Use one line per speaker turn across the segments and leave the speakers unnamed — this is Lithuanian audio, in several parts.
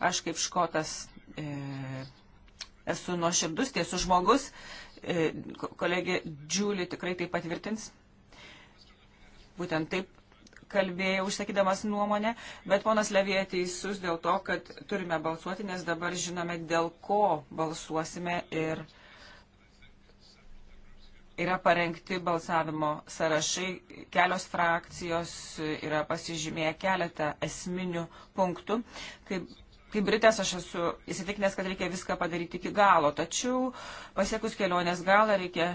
Aš kaip škotas e, esu nuoširdus, tiesų žmogus. E, kolegė Džiulį tikrai tai patvirtins. Būtent taip kalbėjau, užsakydamas nuomonę, bet ponas Levija teisus dėl to, kad turime balsuoti, nes dabar žinome, dėl ko balsuosime ir yra parengti balsavimo sąrašai, kelios frakcijos yra pasižymėję keletą esminių punktų. Kaip kaip Britas aš esu įsitikinęs, kad reikia viską padaryti iki galo, tačiau pasiekus kelionės galą reikia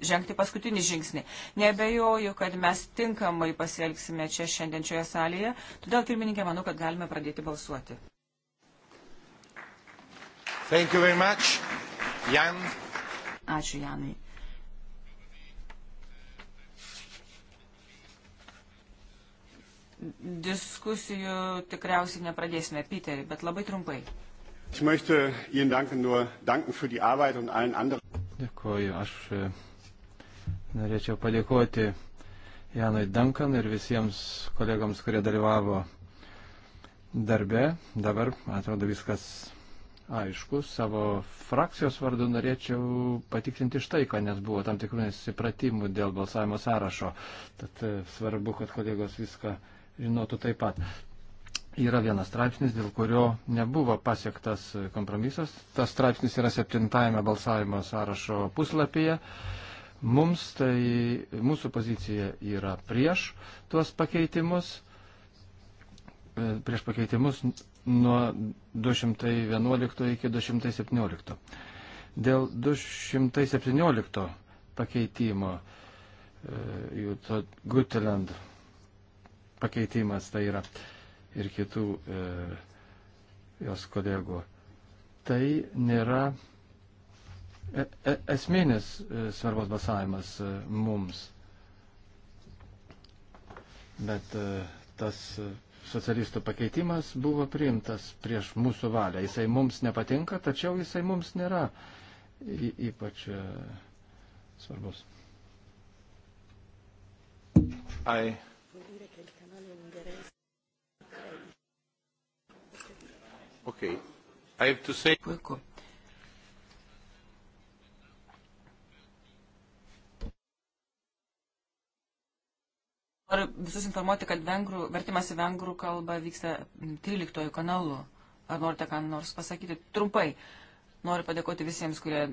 žengti paskutinį žingsnį. Nebejoju, kad mes tinkamai pasielgsime čia šiandien šioje salėje, todėl pirmininkė manau, kad galime pradėti balsuoti. Jan. Ačiū Janai. Diskusijų tikriausiai nepradėsime, Piterį, bet labai trumpai.
Dėkuoju, aš e, norėčiau padėkoti Janui Dankan ir visiems kolegams, kurie dalyvavo darbe. Dabar, atrodo, viskas aišku. Savo frakcijos vardu norėčiau patikrinti štai, ko nes buvo tam tikrų nesusipratimų dėl balsavimo sąrašo. Tad e, svarbu, kad kolegos viską žinotų taip pat. Yra vienas straipsnis, dėl kurio nebuvo pasiektas kompromisas. Tas straipsnis yra septintajame balsavimo sąrašo puslapyje. Mums tai mūsų pozicija yra prieš tuos pakeitimus. E, prieš pakeitimus nuo 211 iki 217. Dėl 217 pakeitimo e, Juto Guteland pakeitimas tai yra ir kitų e, jos kolegų. Tai nėra e, e, esminis e, svarbos balsavimas e, mums. Bet e, tas socialistų pakeitimas buvo priimtas prieš mūsų valią. Jisai mums nepatinka, tačiau jisai mums nėra y, ypač e, svarbus.
I del canale ungherese. Okay. I have to say... Puiku. Noriu visus informuoti, kad vengrų, vertimas į vengrų kalbą vyksta 13 kanalu. Ar norite ką nors pasakyti? Trumpai. Noriu padėkoti visiems, kurie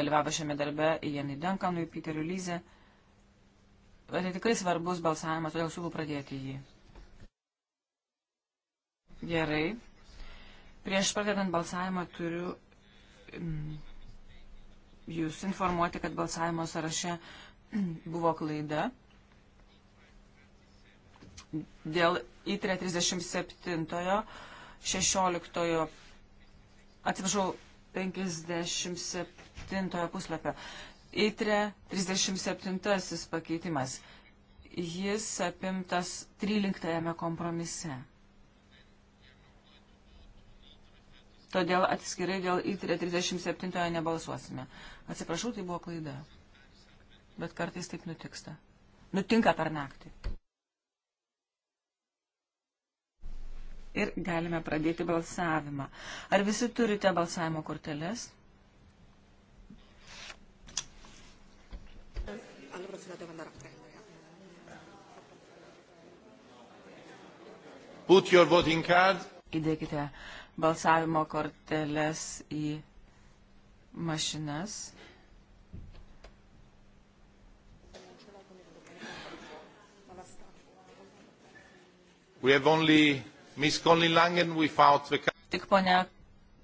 dalyvavo šiame darbe, Janai Denkanui, Piteriu Lyze tai tikrai svarbus balsavimas, todėl siūlau pradėti jį. Gerai. Prieš pradedant balsavimą turiu mm, jūs informuoti, kad balsavimo sąraše mm, buvo klaida. Dėl ITRE 37, 16, atsiprašau, 57 puslapio. ITRE 37 pakeitimas. Jis apimtas 13 kompromise. Todėl atskirai dėl ITRE 37 nebalsuosime. Atsiprašau, tai buvo klaida. Bet kartais taip nutiksta. Nutinka per naktį. Ir galime pradėti balsavimą. Ar visi turite balsavimo korteles? devo andare a prendere. Put your voting card. Įdėkite balsavimo korteles į mašinas. We have only Miss Connie Langen without the card. Tik ponia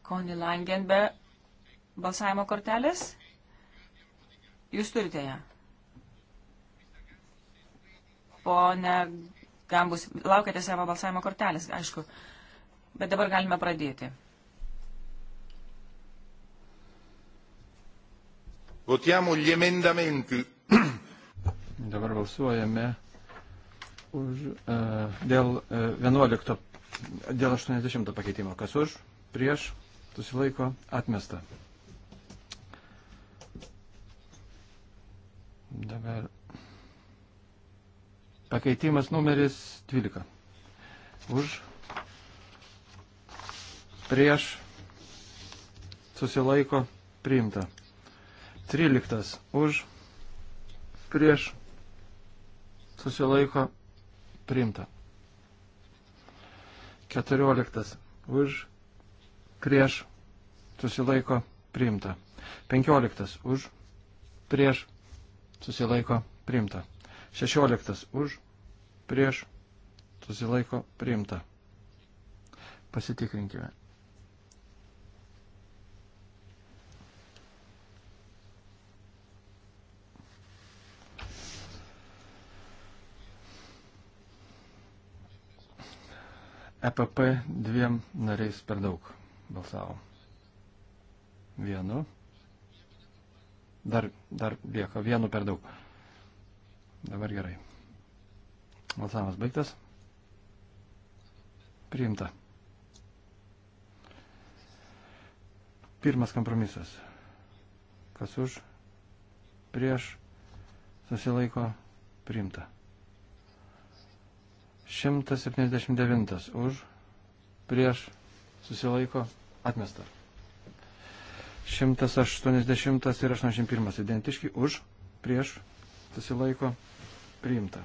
Connie Langen be balsavimo kortelės? Jūs turite ją. Ja. Pone Gambus, laukite savo balsavimo kortelės, aišku. Bet dabar galime pradėti. Votiamo gli emendamenti.
Dabar balsuojame už, uh, dėl e, uh, 11, dėl 80 pakeitimo. Kas už, prieš, susilaiko, atmesta. Dabar Pakeitimas numeris 12. Už. Prieš. Susilaiko. Priimta. 13. Už. Prieš. Susilaiko. Priimta. 14. Už. Prieš. Susilaiko. Priimta. 15. Už. Prieš. Susilaiko. Priimta. 16 už, prieš, susilaiko priimta. Pasitikrinkime. EPP dviem nariais per daug balsavo. Vienu. Dar, dar lieka vienu per daug. Dabar gerai. Balsavimas baigtas. Priimta. Pirmas kompromisas. Kas už, prieš, susilaiko, priimta. 179 už, prieš, susilaiko, atmesta. 180 ir 81 identiški už, prieš, susilaiko, atmesta priimta.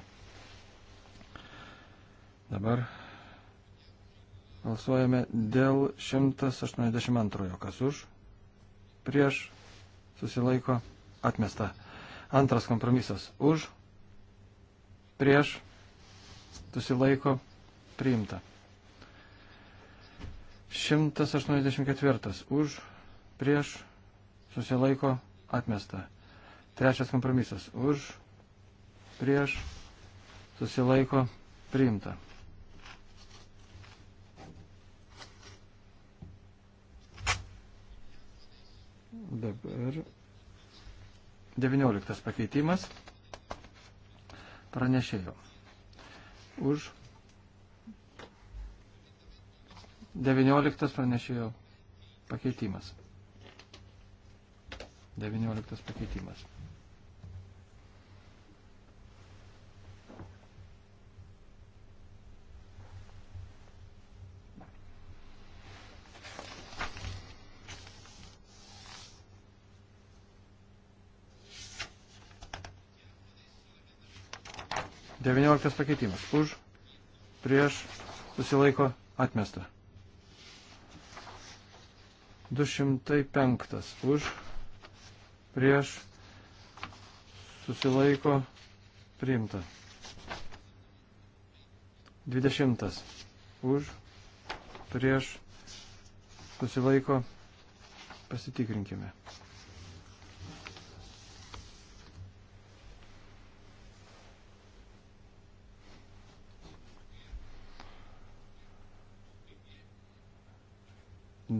Dabar balsuojame dėl 182, kas už, prieš, susilaiko, atmesta. Antras kompromisas už, prieš, susilaiko, priimta. 184 už, prieš, susilaiko, atmesta. Trečias kompromisas už, prieš, susilaiko, priimta. Dabar 19 pakeitimas pranešėjo. Už 19 pranešėjo pakeitimas. 19 pakeitimas. 19 pakeitimas. Už, prieš, susilaiko, atmesta. 205. Už, prieš, susilaiko, priimta. 20. Už, prieš, susilaiko, pasitikrinkime.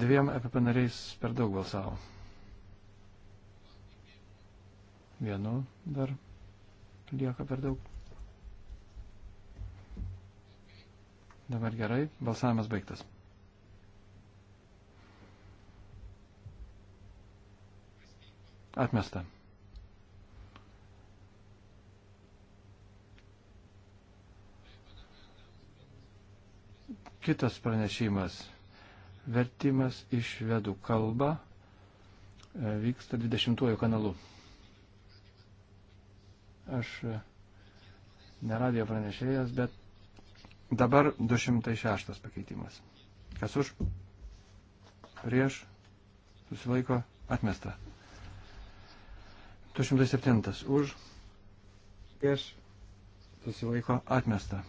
Dviem EPP nariais per daug balsavo. Vienu dar lieka per daug. Dabar gerai, balsavimas baigtas. Atmesta. Kitas pranešimas vertimas iš švedų kalbą e, vyksta 20 kanalu. Aš e, ne radio pranešėjas, bet dabar 206 pakeitimas. Kas už? Prieš? Susilaiko? Atmesta. 207 už? Prieš? Susilaiko? Atmesta.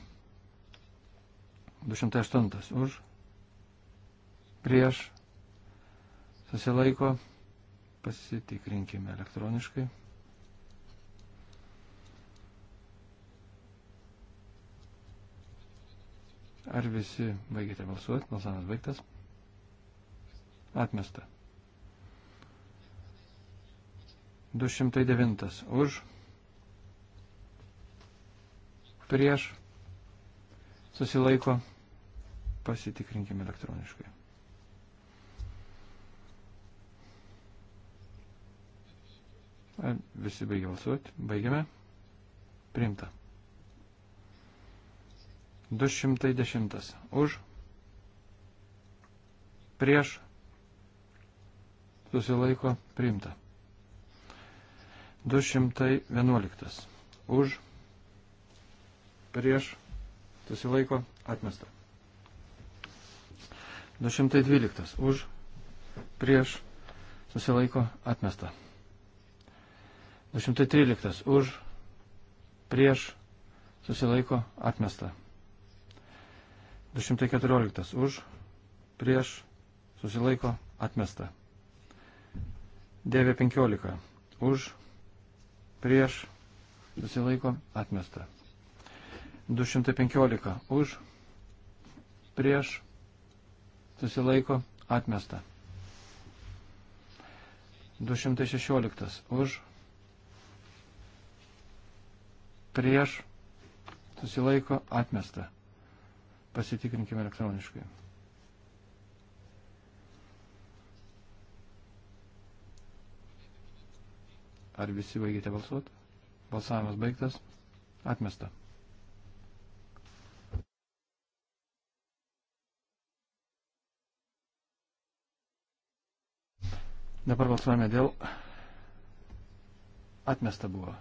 208 už? prieš susilaiko, pasitikrinkime elektroniškai. Ar visi baigėte balsuoti? Balsavimas baigtas. Atmesta. 209 už. Prieš. Susilaiko. Pasitikrinkime elektroniškai. Visi baigė balsuoti. Baigėme. Priimta. 210. Už. Prieš. Susilaiko. Priimta. 211. Už. Prieš. Susilaiko. Atmesta. 212. Už. Prieš. Susilaiko. Atmesta. 213 už, prieš, susilaiko, atmesta. 214 už, prieš, susilaiko, atmesta. 915 už, prieš, susilaiko, atmesta. 215 už, prieš, susilaiko, atmesta. 216 už, prieš susilaiko atmesta. Pasitikrinkime elektroniškai. Ar visi baigėte balsuoti? Balsavimas baigtas. Atmesta. Dabar balsuojame dėl atmesta buvo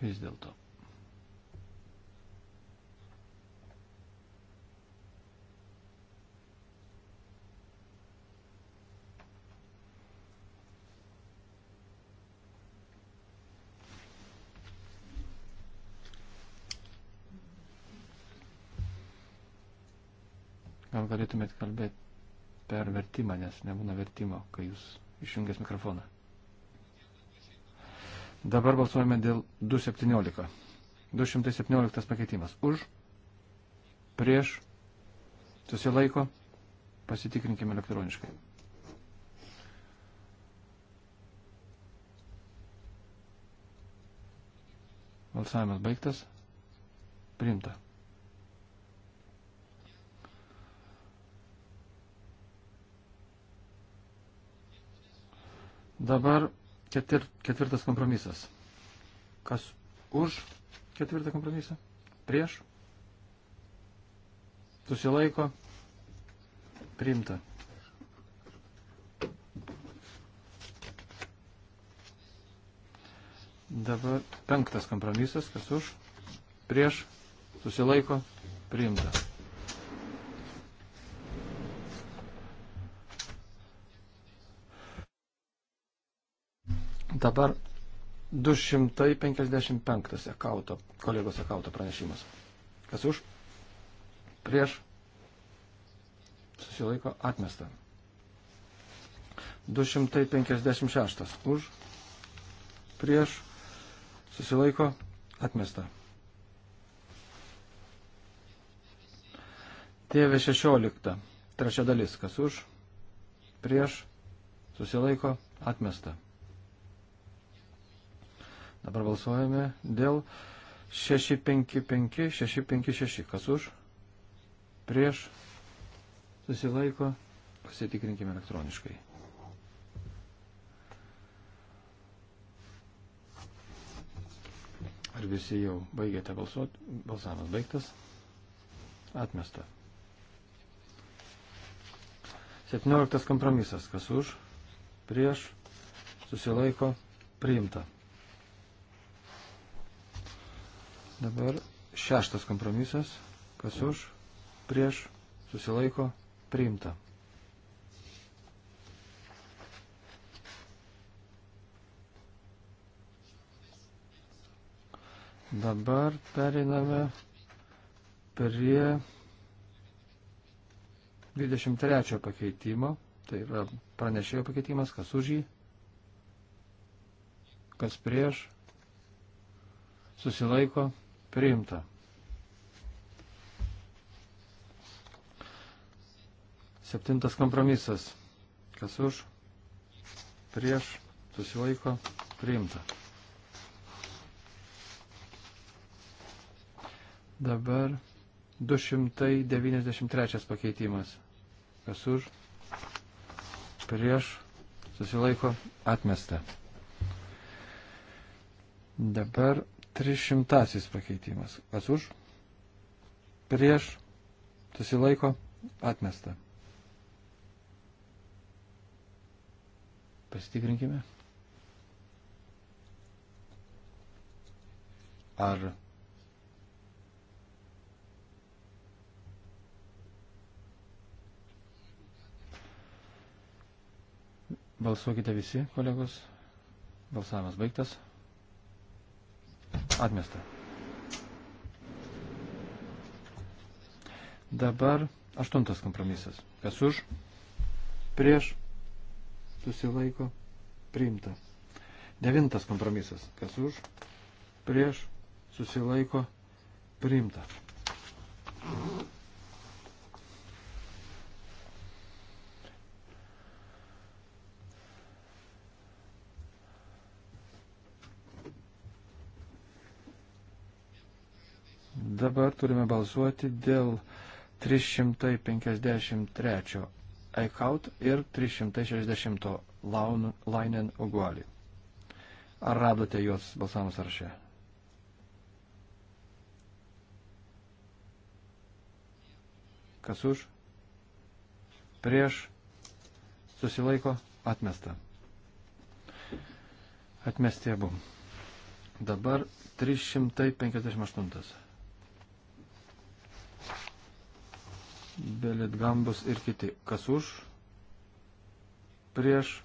vis dėlto. Gal galėtumėt kalbėti per vertimą, nes nebūna vertimo, kai jūs išjungęs mikrofoną. Dabar balsuojame dėl 217. 217 pakeitimas. Už, prieš, susilaiko, pasitikrinkime elektroniškai. Balsavimas baigtas. Priimta. Dabar Ketir, ketvirtas kompromisas. Kas už ketvirtą kompromisą? Prieš? Susilaiko? Priimta. Dabar penktas kompromisas. Kas už? Prieš? Susilaiko? Priimta. Dabar 255 ekauto, kolegos ekauto pranešimas. Kas už? Prieš? Susilaiko atmesta. 256 už? Prieš? Susilaiko atmesta. Tėvė 16. Trečia dalis. Kas už? Prieš? Susilaiko atmesta. Dabar balsuojame dėl 655, 656. Kas už? Prieš? Susilaiko? Pasitikrinkime elektroniškai. Ar visi jau baigėte balsuoti? Balsavimas baigtas. Atmesta. 17 kompromisas. Kas už? Prieš? Susilaiko? Priimta. Dabar šeštas kompromisas, kas už, prieš, susilaiko, priimta. Dabar periname prie 23 pakeitimo, tai yra pranešėjo pakeitimas, kas už jį, kas prieš, susilaiko, priimta priimta. Septintas kompromisas. Kas už, prieš, susilaiko, priimta. Dabar 293 pakeitimas. Kas už, prieš, susilaiko, atmesta. Dabar Trišimtasis pakeitimas. Kas už? Prieš. Susilaiko. Atmesta. Pasitikrinkime. Ar Balsuokite visi, kolegos. Balsavimas baigtas. Atmesta. Dabar aštuntas kompromisas. Kas už? Prieš. Susilaiko. Priimta. Devintas kompromisas. Kas už? Prieš. Susilaiko. Priimta. Dabar turime balsuoti dėl 353 Eichhout ir 360 Laun, Lainen Uguali. Ar radote juos balsavimo sąraše? Kas už? Prieš? Susilaiko? Atmesta. Atmesti abu. Dabar 358. Belit Gambus ir kiti. Kas už? Prieš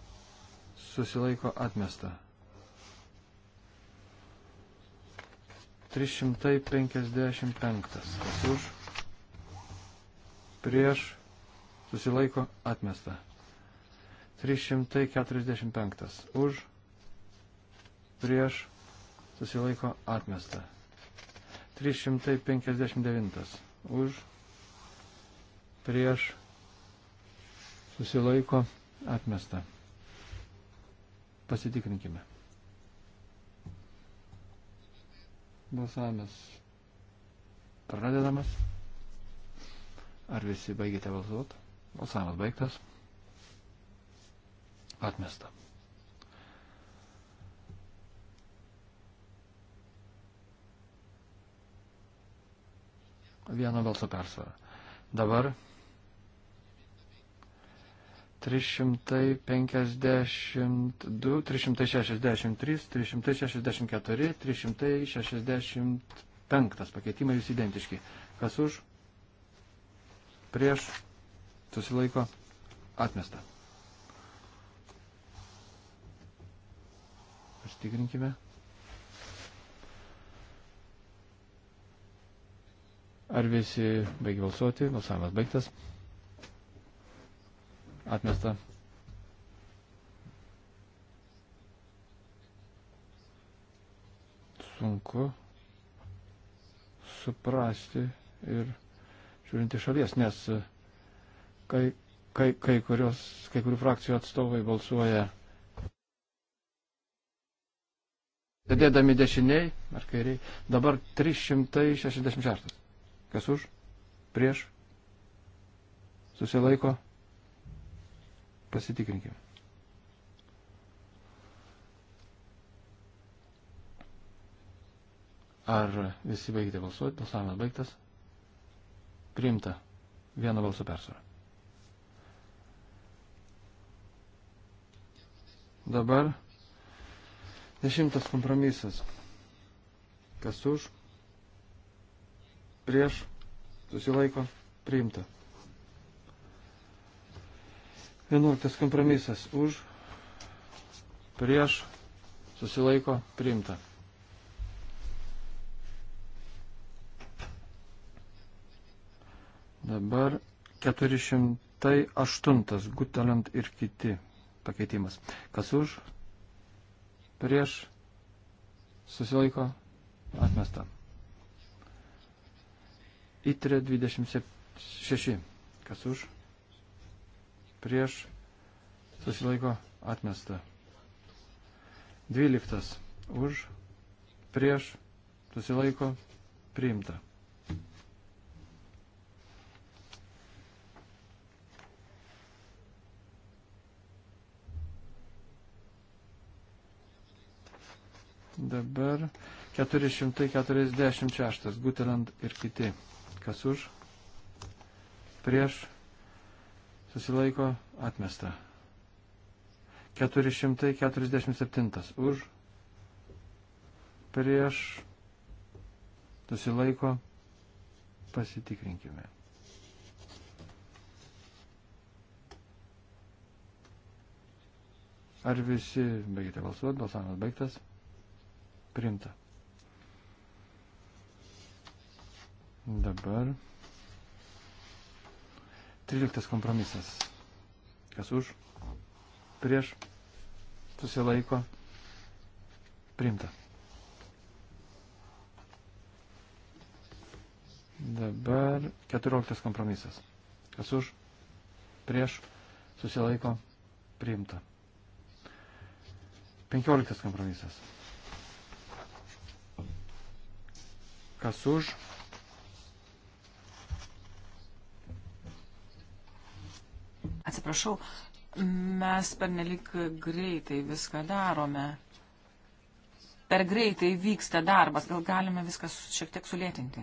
susilaiko atmesta. 355. Kas už? Prieš susilaiko atmesta. 345. Už prieš susilaiko atmesta. 359. Už prieš susilaiko atmesta. Pasitikrinkime. Balsavimas pradedamas. Ar visi baigėte balsuoti? Balsavimas baigtas. Atmesta. Vieno balso persvara. Dabar 352, 363, 364, 365 pakeitimai jūs identiški. Kas už, prieš, susilaiko, atmesta. Pastikrinkime. Ar visi baigi balsuoti? Balsavimas baigtas. Atmesta. Sunku suprasti ir žiūrinti šalies, nes kai, kai, kai, kurios, kai kurių frakcijų atstovai balsuoja sėdėdami dešiniai ar kairiai. Dabar 366. Kas už? Prieš? Susilaiko? Pasitikrinkime. Ar visi baigėte balsuoti? Balsavimas baigtas. Priimta. Vieno balso persvara. Dabar dešimtas kompromisas. Kas už? Prieš? Susilaiko? Priimta. 11 kompromisas už, prieš, susilaiko, priimta. Dabar 408 Gutelant ir kiti pakeitimas. Kas už, prieš, susilaiko, atmesta. Įtrė 26. Kas už? prieš susilaiko atmesta. 12 už prieš susilaiko priimta. Dabar 446, Guteland ir kiti. Kas už? Prieš susilaiko atmesta. 447 už, prieš, susilaiko, pasitikrinkime. Ar visi baigite balsuoti, balsavimas baigtas, primta. Dabar 13 kompromisas. Kas už? Prieš? Susilaiko? Primta. Dabar 14 kompromisas. Kas už? Prieš? Susilaiko? Priimta. 15 kompromisas. Kas
už? atsiprašau, mes pernelik greitai viską darome. Per greitai vyksta darbas, gal galime viską šiek tiek sulėtinti.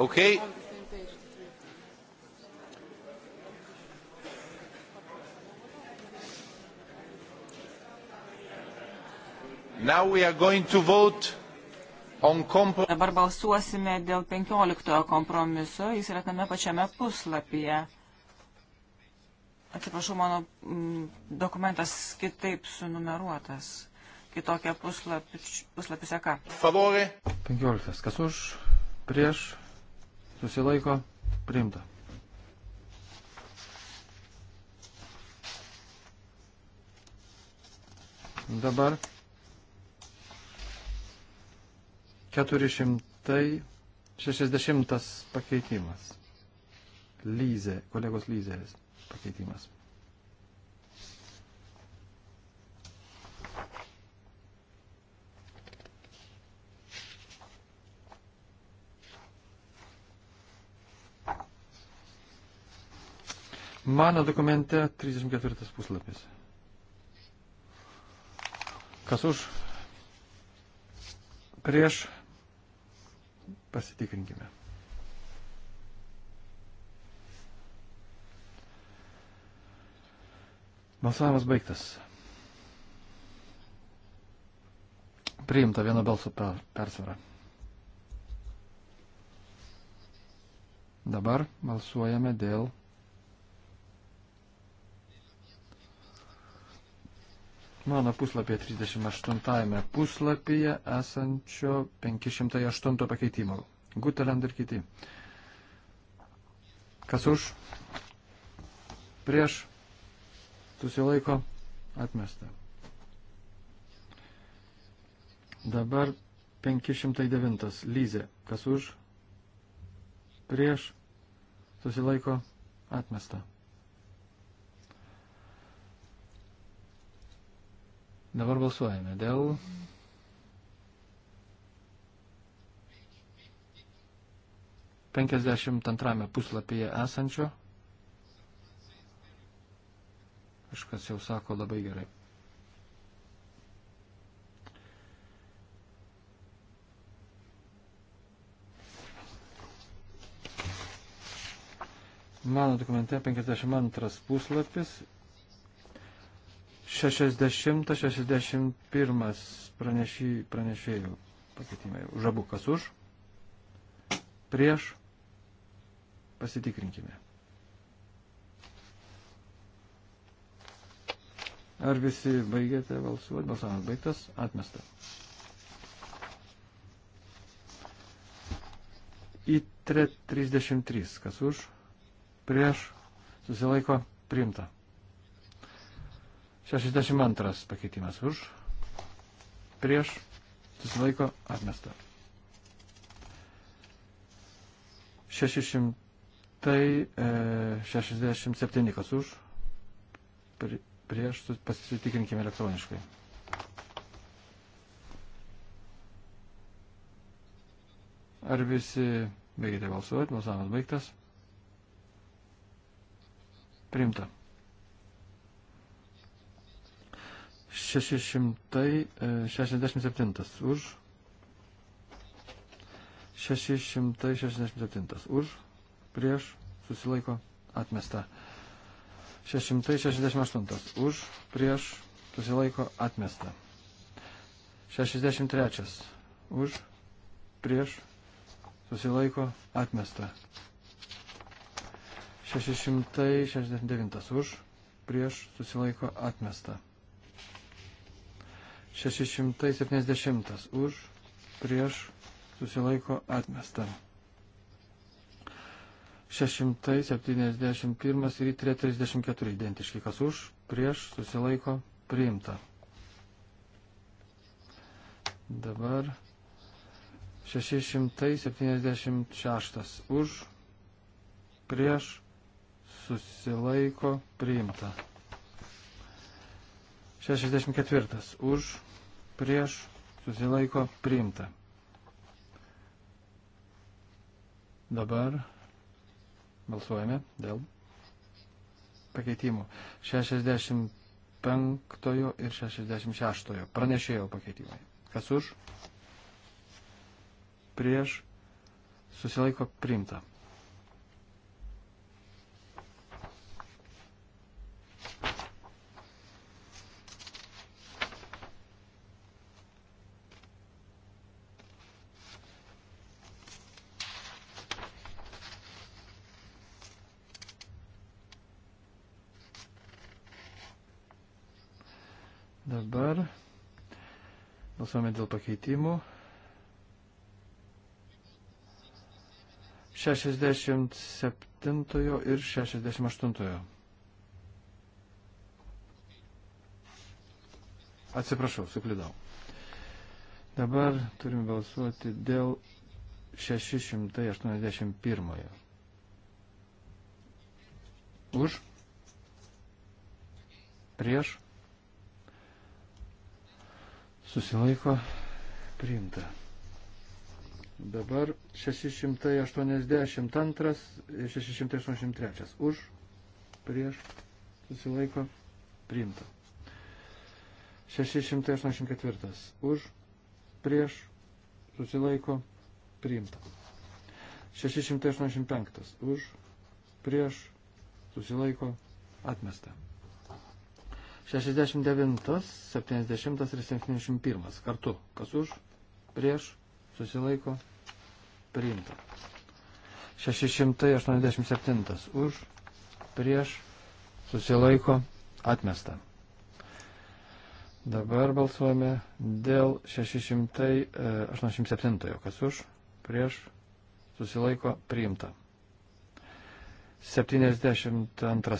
Okay. Now we are going to vote Dabar balsuosime dėl 15 kompromiso, jis yra tame pačiame puslapyje. Atsiprašau, mano mm, dokumentas kitaip sunumeruotas. Kitokia puslapį, puslapį seka. Favorė.
15. Kas už, prieš, susilaiko, priimta. Dabar 460 pakeitimas. Lyzė, kolegos Lyzės pakeitimas. Mano dokumente 34 puslapis. Kas už? Prieš Pasitikrinkime. Balsavimas baigtas. Priimta vieno balsų persvara. Dabar balsuojame dėl mano puslapyje 38 puslapyje esančio 508 pakeitimo. Guteland ir kiti. Kas už? Prieš? Susilaiko? Atmesta. Dabar 509. Lyzė. Kas už? Prieš? Susilaiko? Atmesta. Dabar balsuojame dėl penkiasdešimt antrame puslapyje esančio. Kažkas jau sako labai gerai. Mano dokumente 52 puslapis 60-61 pranešėjų pakeitimai. Už abu kas už, prieš, pasitikrinkime. Ar visi baigėte balsuoti? Balsavimas baigtas, atmesta. Į 33, kas už, prieš, susilaiko, priimta. 62 pakeitimas už, prieš, susilaiko, atmesta. 667 e, kas už, prieš, pasitikrinkime elektroniškai. Ar visi baigėte balsuoti, balsavimas baigtas? Primta. 667 e, už. 667 už. Prieš susilaiko atmesta. 668 už. Prieš susilaiko atmesta. 63 už. Prieš susilaiko atmesta. 669 už. Prieš susilaiko atmesta. 670 už, prieš, susilaiko atmesta. 671 ir 334 identiški, kas už, prieš, susilaiko, priimta. Dabar 676 už, prieš, susilaiko, priimta. 64. Už, prieš, susilaiko, priimta. Dabar balsuojame dėl pakeitimų. 65 ir 66. Pranešėjo pakeitimai. Kas už? Prieš susilaiko priimta. Dabar balsuojame dėl pakeitimų. 67 ir 68. Atsiprašau, suklydau. Dabar turime balsuoti dėl 681. Už? Prieš? susilaiko priimta. Dabar 682, 683 už, prieš, susilaiko, priimta. 684 už, prieš, susilaiko, priimta. 685 už, prieš, susilaiko, atmesta. 69, 70 ir 71 kartu. Kas už, prieš, susilaiko, priimta. 687 už, prieš, susilaiko, atmesta. Dabar balsuojame dėl 687, kas už, prieš, susilaiko, priimta. 72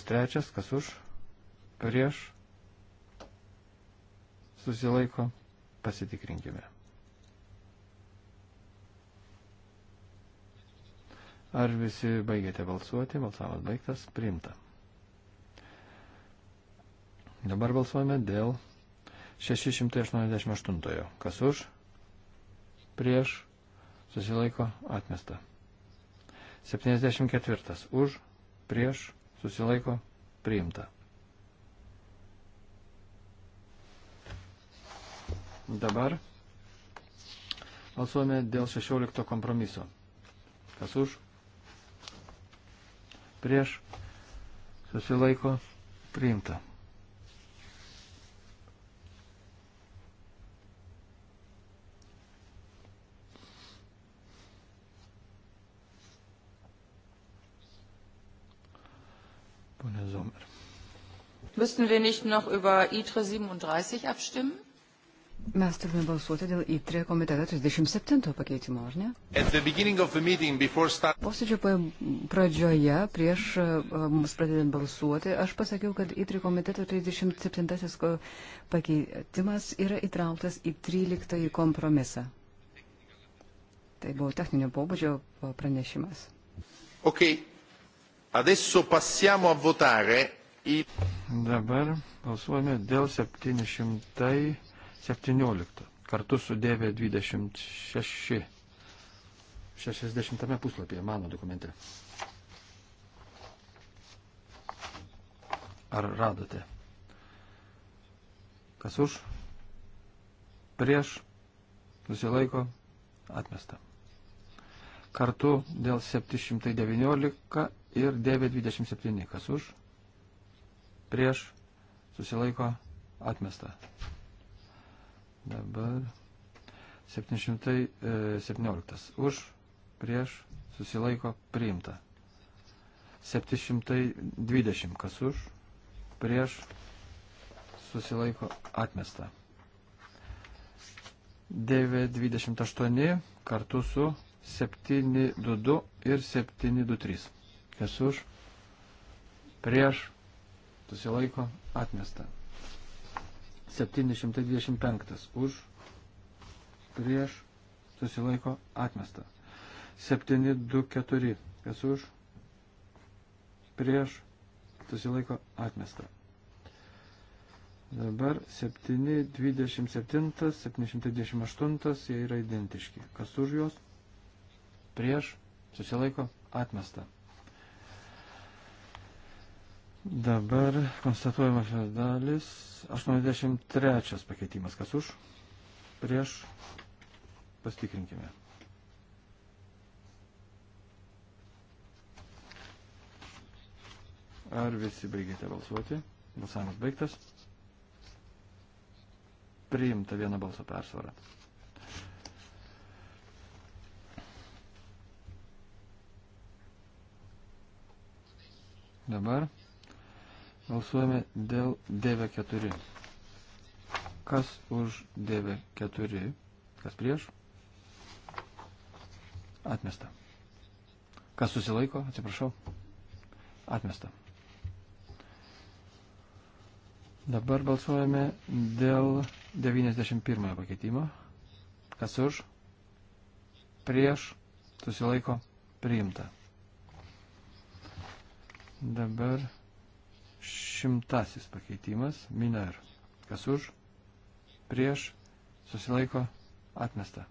trečias, kas už, prieš, susilaiko, pasitikrinkime. Ar visi baigėte balsuoti? Balsavimas baigtas, priimta. Dabar balsuojame dėl 688. Kas už? Prieš? Susilaiko? Atmesta. 74. Už? Prieš? Susilaiko? Priimta. Dabar balsuojame dėl 16 kompromiso. Kas už? Prieš susilaiko priimta.
Müssten wir nicht noch über ITRE e 37 abstimmen? Mes turime balsuoti dėl įtrė e komiteto 37 pakeitimo, ar ne? Meeting, start... Posėdžio pradžioje, prieš e, mums pradedant balsuoti, aš pasakiau, kad įtrė e komiteto 37 pakeitimas yra įtrauktas į 13 kompromisą. Tai buvo techninio pobūdžio pranešimas. Okay. Adesso passiamo a votare. Į...
Dabar balsuojame dėl 700. 17. Kartu su dėvė 26. 60 puslapyje mano dokumente. Ar radote? Kas už? Prieš? Nusilaiko? Atmesta. Kartu dėl 719 ir 927. Kas už? Prieš? Susilaiko? Atmesta. Dabar 717. E, už, prieš, susilaiko, priimta. 720. Kas už, prieš, susilaiko, atmesta. 928 kartu su 722 ir 723. Kas už, prieš, susilaiko, atmesta. 725 už, prieš, susilaiko, atmesta. 724, kas už, prieš, susilaiko, atmesta. Dabar 727, 728, jie yra identiški. Kas už juos, prieš, susilaiko, atmesta. Dabar konstatuojama šias dalis. 83 pakeitimas. Kas už? Prieš. Pastikrinkime. Ar visi baigėte balsuoti? Balsavimas baigtas. Priimta vieną balsą persvarą. Dabar Balsuojame dėl DV4. Kas už DV4? Kas prieš? Atmesta. Kas susilaiko? Atsiprašau. Atmesta. Dabar balsuojame dėl 91 pakeitimo. Kas už? Prieš? Susilaiko? Priimta. Dabar Šimtasis pakeitimas. Miner. Kas už? Prieš. Susilaiko. Atmesta.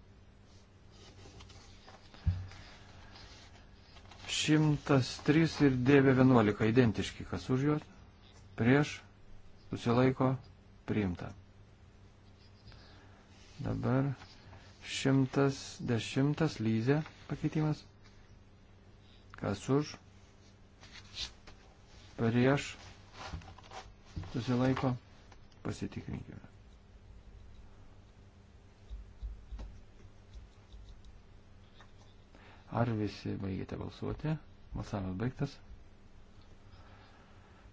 Šimtas trys ir dėvė vienuolika. Identiški. Kas už juos? Prieš. Susilaiko. Priimta. Dabar šimtas dešimtas lyzė pakeitimas. Kas už? Prieš susilaiko, pasitikrinkime. Ar visi baigėte balsuoti? Balsavimas baigtas.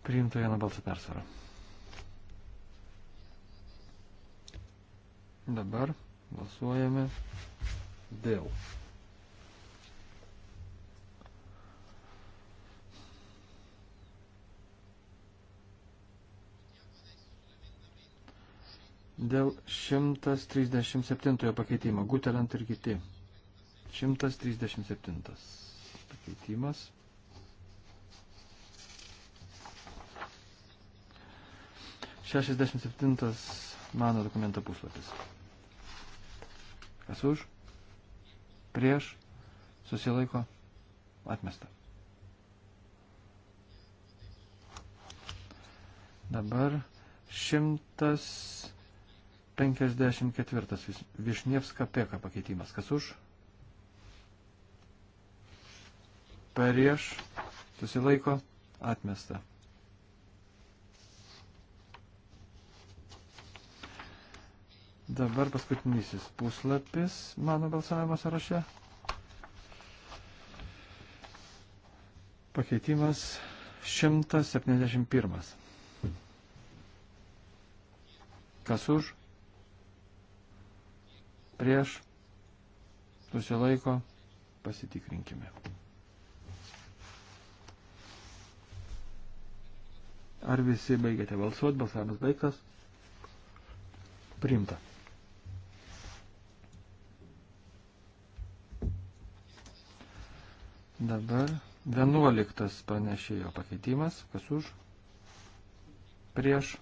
Priimta vieną balsą persvarą. Dabar balsuojame dėl Dėl 137 pakeitimo. Gutelant ir kiti. 137 pakeitimas. Šešiasdešimt septintas mano dokumento puslapis. Kas už? Prieš? Susilaiko? Atmesta. Dabar šimtas 54. Višnievska peka pakeitimas. Kas už? Prieš. Susilaiko. Atmesta. Dabar paskutinysis puslapis mano balsavimo sąraše. Pakeitimas 171. Kas už? prieš, susilaiko, pasitikrinkime. Ar visi baigėte balsuoti, balsavimas baigtas? Primta. Dabar 11 pranešėjo pakeitimas, kas už, prieš,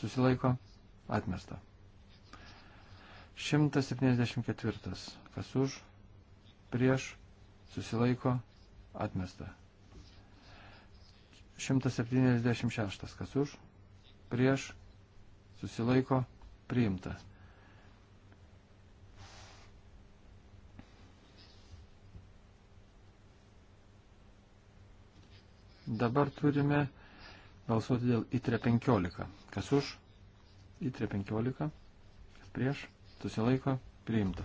susilaiko, atmesta. 174. Kas už, prieš, susilaiko, atmesta. 176. Kas už, prieš, susilaiko, priimta. Dabar turime balsuoti dėl ITRE 15. Kas už? ITRE 15. Kas prieš? susilaiko priimta.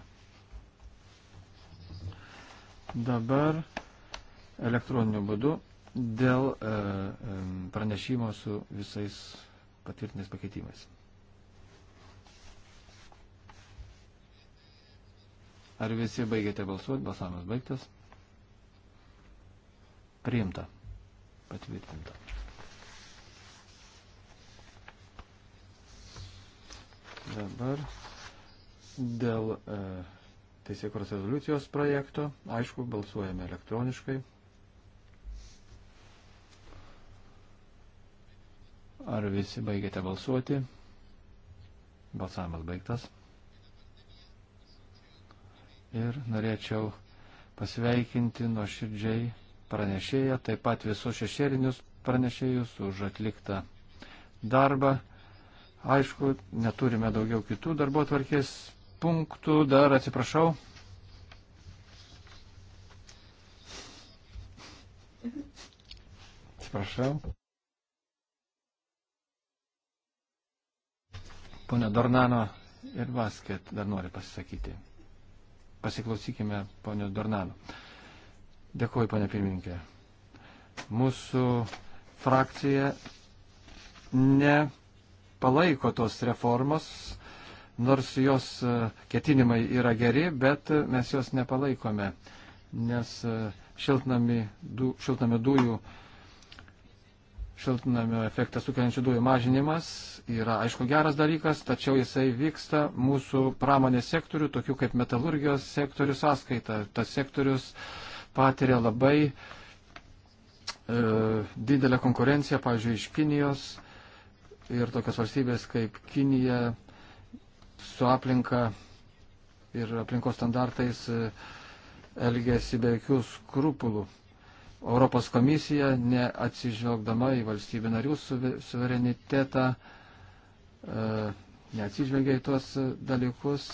Dabar elektroniniu būdu dėl e, e pranešimo su visais patvirtinės pakeitimais. Ar visi baigėte balsuoti? Balsavimas baigtas. Priimta. Patvirtinta. Dabar Dėl e, teisėkuros rezoliucijos projekto, aišku, balsuojame elektroniškai. Ar visi baigėte balsuoti? Balsavimas baigtas. Ir norėčiau pasveikinti nuo širdžiai pranešėją, taip pat visus šešėlinius pranešėjus už atliktą darbą. Aišku, neturime daugiau kitų darbo tvarkės punktų dar atsiprašau. Atsiprašau. Pone Dornano ir Vasket dar nori pasisakyti. Pasiklausykime ponio Dornano. Dėkuoju, ponė pirmininkė. Mūsų frakcija nepalaiko tos reformos, nors jos e, ketinimai yra geri, bet e, mes jos nepalaikome, nes e, šiltnami, du, šiltnami dujų, šiltnami efektą sukeliančių dujų mažinimas yra aišku geras dalykas, tačiau jisai vyksta mūsų pramonės sektorių, tokių kaip metalurgijos sektorių sąskaita. Tas sektorius patiria labai e, didelę konkurenciją, pavyzdžiui, iš Kinijos ir tokios valstybės kaip Kinija su aplinka ir aplinkos standartais e, elgėsi be jokių skrupulų. Europos komisija, neatsižvelgdama į valstybių narių suverenitetą, e, neatsižvelgia į tuos dalykus.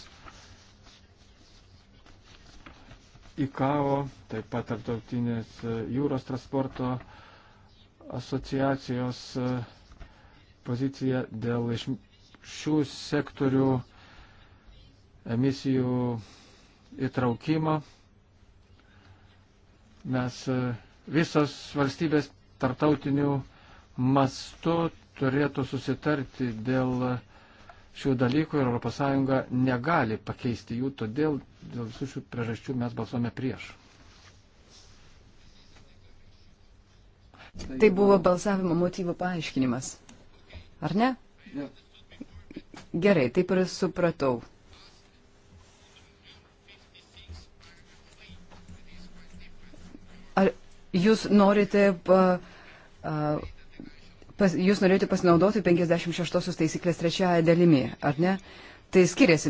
ICAO, taip pat tarptautinės e, jūros transporto asociacijos pozicija dėl iš šių sektorių uh, emisijų įtraukimo. Mes e, visos valstybės tartautinių mastų turėtų susitarti dėl šių dalykų ir ES negali pakeisti jų, todėl dėl visų šių priežasčių mes balsuome prieš.
Tai buvo balsavimo motyvų paaiškinimas. Ar ne? Gerai, taip ir supratau. jūs norite, pas, jūs norite pasinaudoti 56 taisyklės trečiaja dalimi, ar ne? Tai skiriasi